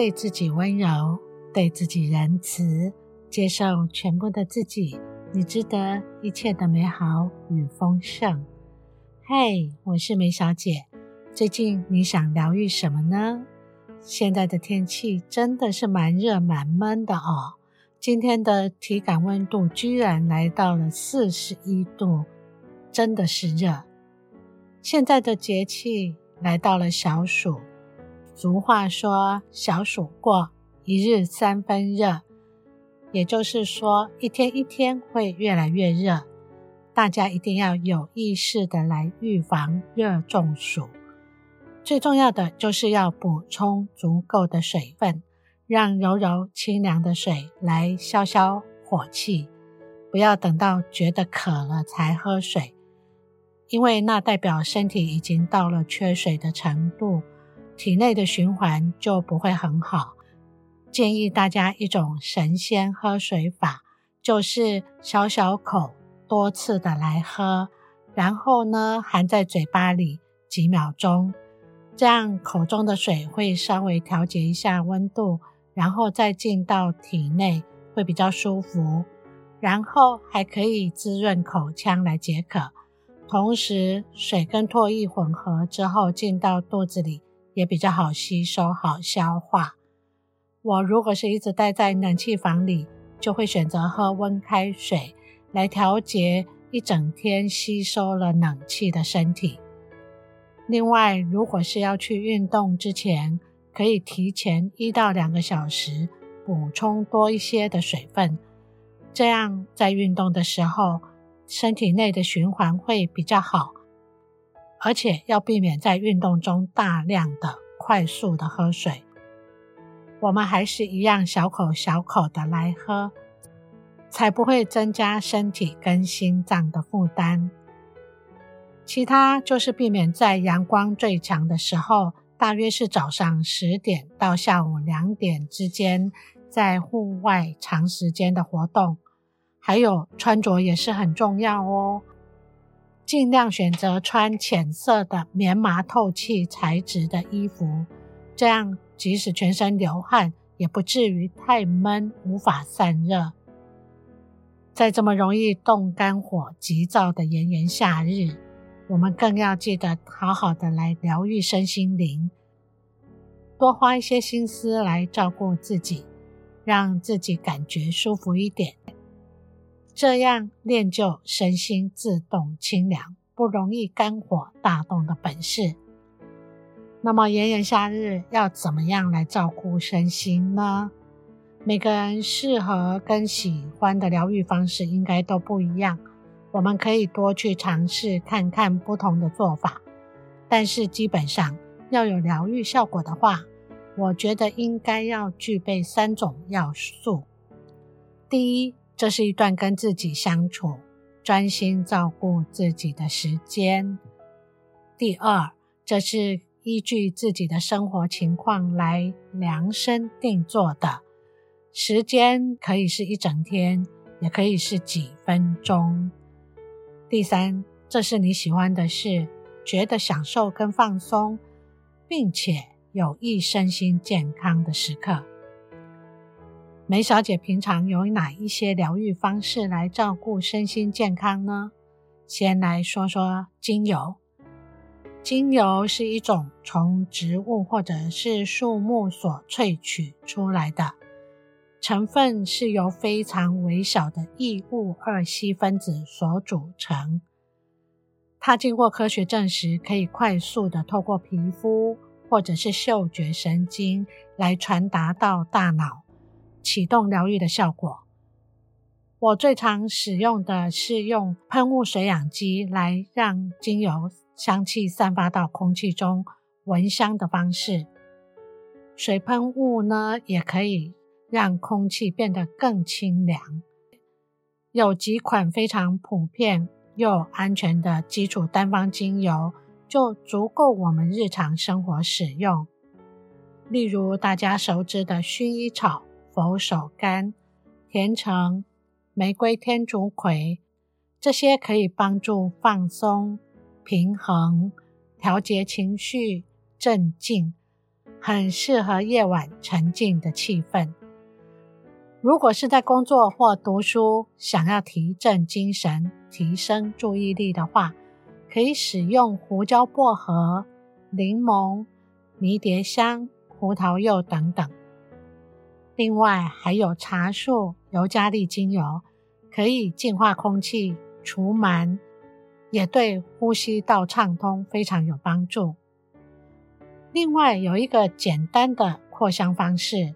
對自己溫柔，對自己仁慈，接受全部的自己，你值得一切的美好與豐盛。嘿，我是梅小姐，最近你想療癒什麼呢？現在的天氣真的是蠻熱蠻悶的哦，今天的體感溫度居然來到了四十一度，真的是熱。現在的節氣來到了小暑。俗話說：“小暑過，一日三分熱。”也就是說，一天一天會越來越熱。大家一定要有意識的來預防熱中暑。最重要的就是要補充足夠的水分，讓柔柔清涼的水來消消火氣。不要等到覺得渴了才喝水，因為那代表身體已經到了缺水的程度。體內的循環就不會很好。建議大家一種神仙喝水法，就是小小口多次的來喝，然後呢，含在嘴巴裡幾秒鐘，這樣口中的水會稍微調節一下溫度，然後再進到體內會比較舒服。然後還可以滋潤口腔來解渴，同時水跟唾液混合之後進到肚子裡。也比較好吸收，好消化。我如果是一直待在冷氣房裡，就會選擇喝溫開水來調節一整天吸收了冷氣的身體。另外，如果是要去運動之前，可以提前一到兩個小時補充多一些的水分，這樣在運動的時候，身體內的循環會比較好。而且要避免在運動中大量的快速的喝水，我們還是一樣小口小口的來喝，才不會增加身體跟心臟的負擔。其他就是避免在陽光最強的時候，大約是早上十點到下午兩點之間，在戶外長時間的活動，還有穿着也是很重要哦。盡量選擇穿淺色的棉麻透氣材質的衣服，這樣即使全身流汗，也不至於太悶，無法散熱。在這麼容易動肝火、急躁的炎炎夏日，我們更要記得好好的來療癒身心靈，多花一些心思來照顧自己，讓自己感覺舒服一點。這樣練就身心自動清涼、不容易肝火大動的本事。那麼炎炎夏日要怎麼樣來照顧身心呢？每個人適合跟喜歡的療癒方式應該都不一樣，我們可以多去嘗試看看不同的做法。但是基本上要有療癒效果的話，我覺得應該要具備三種要素。第一。這是一段跟自己相處、專心照顧自己的時間。第二，這是依據自己的生活情況來量身定做的，時間可以是一整天，也可以是幾分鐘。第三，這是你喜歡的事，覺得享受跟放鬆，並且有益身心健康的時刻。梅小姐平常有哪一些療癒方式來照顧身心健康呢？先來說說精油。精油是一種從植物或者是樹木所萃取出來的成分，是由非常微小的異戊二烯分子所組成。它經過科學證實，可以快速地透過皮膚或者是嗅覺神經來傳達到大腦。啟動療癒的效果。我最常使用的是用噴霧水氧機，來讓精油香氣散發到空氣中，聞香的方式。水噴霧呢，也可以讓空氣變得更清涼。有幾款非常普遍又安全的基礎單方精油，就足夠我們日常生活使用。例如大家熟知的薰衣草。佛手柑、甜橙、玫瑰、天竺葵，這些可以幫助放鬆、平衡、調節情緒、鎮靜，很適合夜晚沉靜的氣氛。如果是在工作或讀書，想要提振精神、提升注意力的話，可以使用胡椒薄荷、檸檬、迷迭香、葡萄柚等等。另外還有茶樹、尤加利精油，可以淨化空氣、除蟎，也對呼吸道暢通非常有幫助。另外有一個簡單的擴香方式，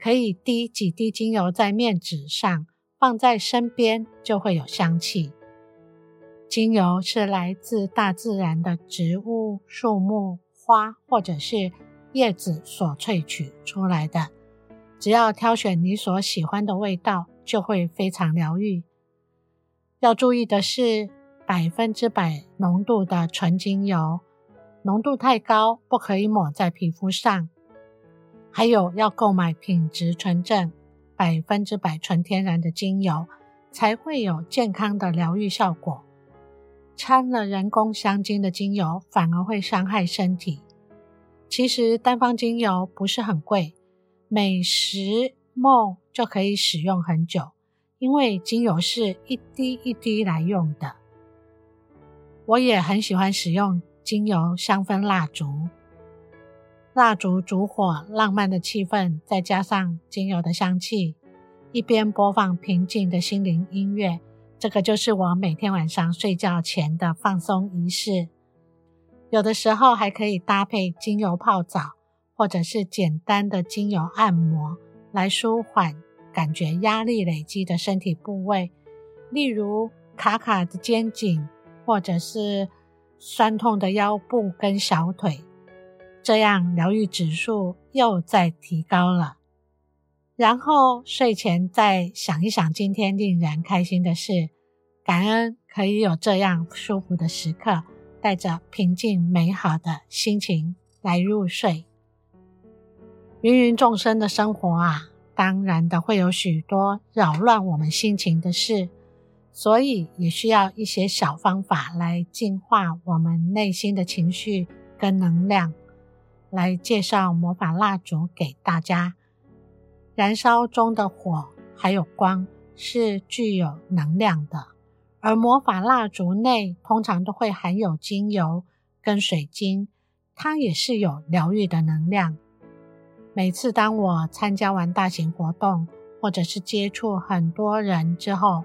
可以滴幾滴精油在面紙上，放在身邊就會有香氣。精油是來自大自然的植物、樹木、花或者是葉子所萃取出來的。只要挑選你所喜歡的味道，就會非常療癒。要注意的是，百分之百濃度的純精油，濃度太高不可以抹在皮膚上。還有要購買品質純正、百分之百純天然的精油，才會有健康的療癒效果。摻了人工香精的精油反而會傷害身體。其實單方精油不是很貴。美食夢就可以使用很久，因為精油是一滴一滴來用的。我也很喜歡使用精油香氛蠟燭，蠟燭燭火浪漫的氣氛，再加上精油的香氣，一邊播放平靜的心靈音樂，這個就是我每天晚上睡覺前的放鬆儀式。有的時候還可以搭配精油泡澡。或者是簡單的精油按摩，來舒緩感覺壓力累積的身體部位，例如卡卡的肩頸，或者是痠痛的腰部跟小腿，這樣療癒指數又再提高了。然後睡前再想一想今天令人開心的事，感恩可以有這樣舒服的時刻，帶着平靜美好的心情來入睡。芸芸眾生的生活啊，當然的會有許多擾亂我們心情的事，所以也需要一些小方法來淨化我們內心的情緒跟能量。來介紹魔法蠟燭給大家。燃燒中的火還有光是具有能量的，而魔法蠟燭內通常都會含有精油跟水晶，它也是有療癒的能量。每次當我參加完大型活動，或者是接觸很多人之後，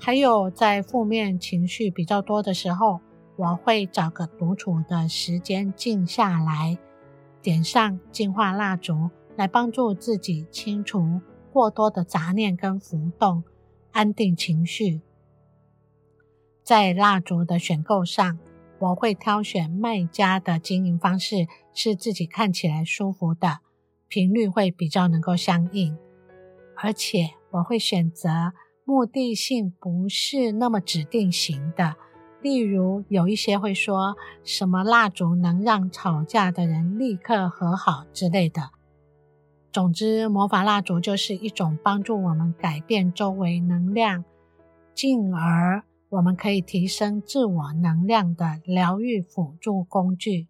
還有在負面情緒比較多的時候，我會找個獨處的時間靜下來，點上淨化蠟燭，來幫助自己清除過多的雜念跟浮動，安定情緒。在蠟燭的選購上，我會挑選賣家的經營方式，是自己看起來舒服的。頻率會比較能夠相應，而且我會選擇目的性不是那麼指定型的，例如有一些會說什麼蠟燭能讓吵架的人立刻和好之類的。總之，魔法蠟燭就是一種幫助我們改變周圍能量，進而我們可以提升自我能量的療癒輔助工具。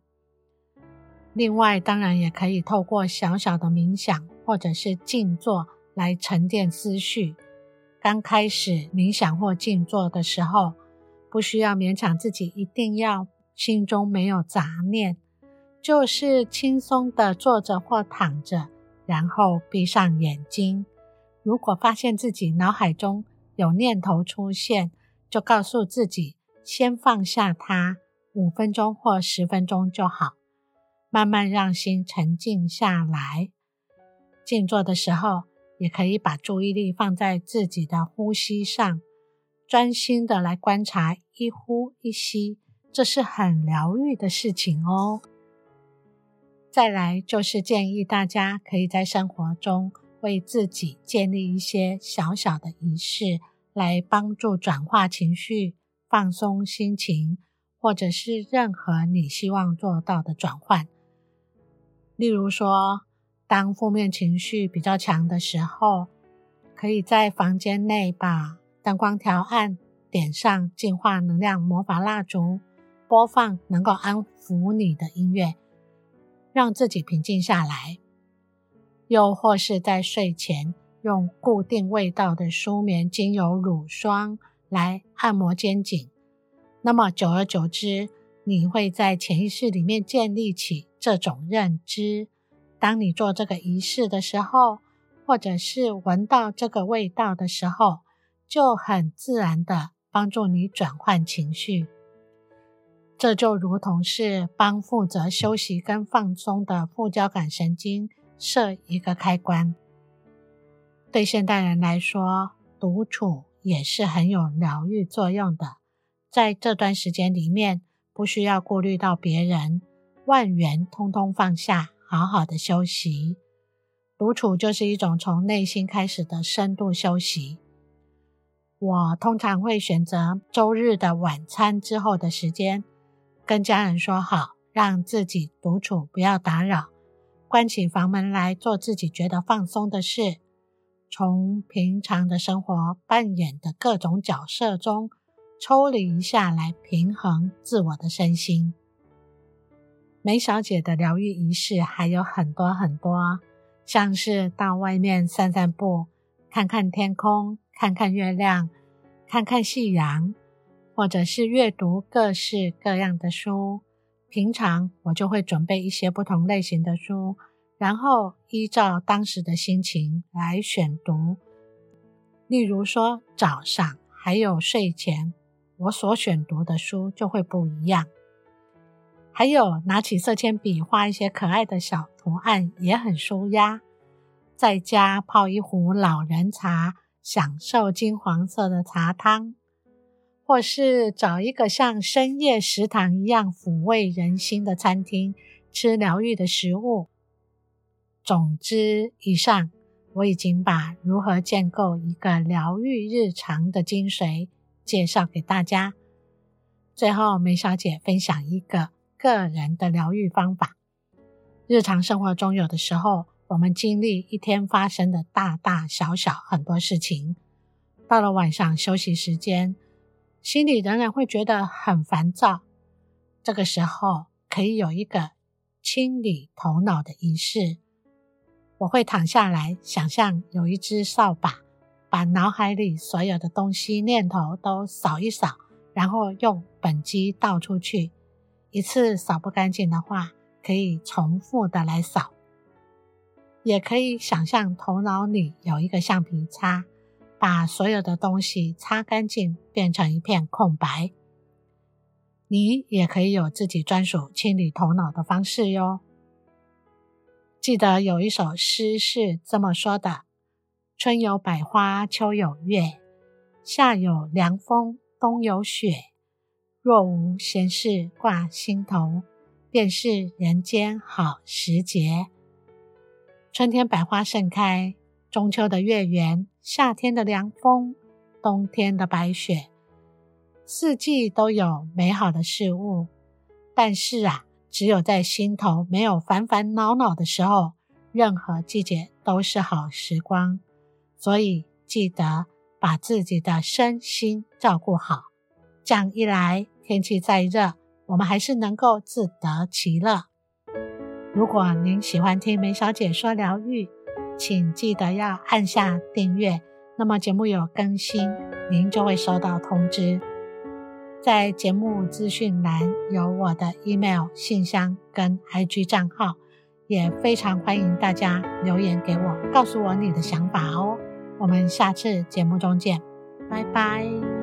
另外，當然也可以透過小小的冥想或者是靜坐來沉澱思緒。剛開始冥想或靜坐的時候，不需要勉強自己一定要心中沒有雜念，就是輕鬆地坐着或躺着，然後閉上眼睛。如果發現自己腦海中有念頭出現，就告訴自己先放下它，五分鐘或十分鐘就好。慢慢讓心沉靜下來。靜坐的時候，也可以把注意力放在自己的呼吸上，專心的來觀察一呼一吸，這是很療癒的事情哦。再來就是建議大家可以在生活中為自己建立一些小小的儀式，來幫助轉化情緒、放鬆心情，或者是任何你希望做到的轉換。例如說，當負面情緒比較強的時候，可以在房間內把燈光調暗，點上淨化能量魔法蠟燭，播放能夠安撫你的音樂，讓自己平靜下來。又或是在睡前用固定味道的舒眠精油乳霜來按摩肩頸，那麼久而久之。你會在潛意識裡面建立起這種認知。當你做這個儀式的時候，或者是聞到這個味道的時候，就很自然地幫助你轉換情緒。這就如同是幫負責休息跟放鬆的副交感神經設一個開關。對現代人來說，獨處也是很有療癒作用的，在這段時間裡面。不需要顧慮到別人，萬緣通通放下，好好的休息。獨處就是一種從內心開始的深度休息。我通常會選擇周日的晚餐之後的時間，跟家人說好，讓自己獨處，不要打擾，關起房門來做自己覺得放鬆的事。從平常的生活扮演的各種角色中。抽離一下來平衡自我的身心。梅小姐的療癒儀式還有很多很多，像是到外面散散步，看看天空，看看月亮，看看夕陽，或者是閱讀各式各樣的書。平常我就會準備一些不同類型的書，然後依照當時的心情來選讀。例如說早上，還有睡前，我所選讀的書就會不一樣。還有，拿起色鉛筆畫一些可愛的小圖案也很舒壓。在家泡一壺老人茶，享受金黃色的茶湯，或是找一個像深夜食堂一樣撫慰人心的餐廳，吃療癒的食物。總之，以上我已經把如何建構一個療癒日常的精髓，介紹給大家。最後，梅小姐分享一個個人的療癒方法。日常生活中，有的時候我們經歷一天發生的大大小小很多事情，到了晚上休息時間，心裡仍然會覺得很煩躁。這個時候，可以有一個清理頭腦的儀式。我會躺下來，想象有一隻掃把。把腦海裡所有的東西、念頭都掃一掃，然後用本機倒出去。一次掃不乾淨的話，可以重複的來掃。也可以想象頭腦裡有一個橡皮擦，把所有的東西擦乾淨，變成一片空白。你也可以有自己專屬清理頭腦的方式喲。記得有一首詩是這麼說的。春有百花，秋有月，夏有涼風，冬有雪。若無閒事掛心頭，便是人間好時節。春天百花盛開，中秋的月圓，夏天的涼風，冬天的白雪，四季都有美好的事物。但是啊，只有在心頭沒有煩煩惱惱的時候，任何季節都是好時光。所以記得把自己的身心照顧好，這樣一來，天氣再熱，我們還是能夠自得其樂。如果您喜歡聽梅小姐說療癒，請記得要按下訂閱，那麼節目有更新，您就會收到通知。在節目資訊欄有我的 email 信箱跟 IG 賬號，也非常歡迎大家留言給我，告訴我你的想法哦。我們下次節目中見，拜拜。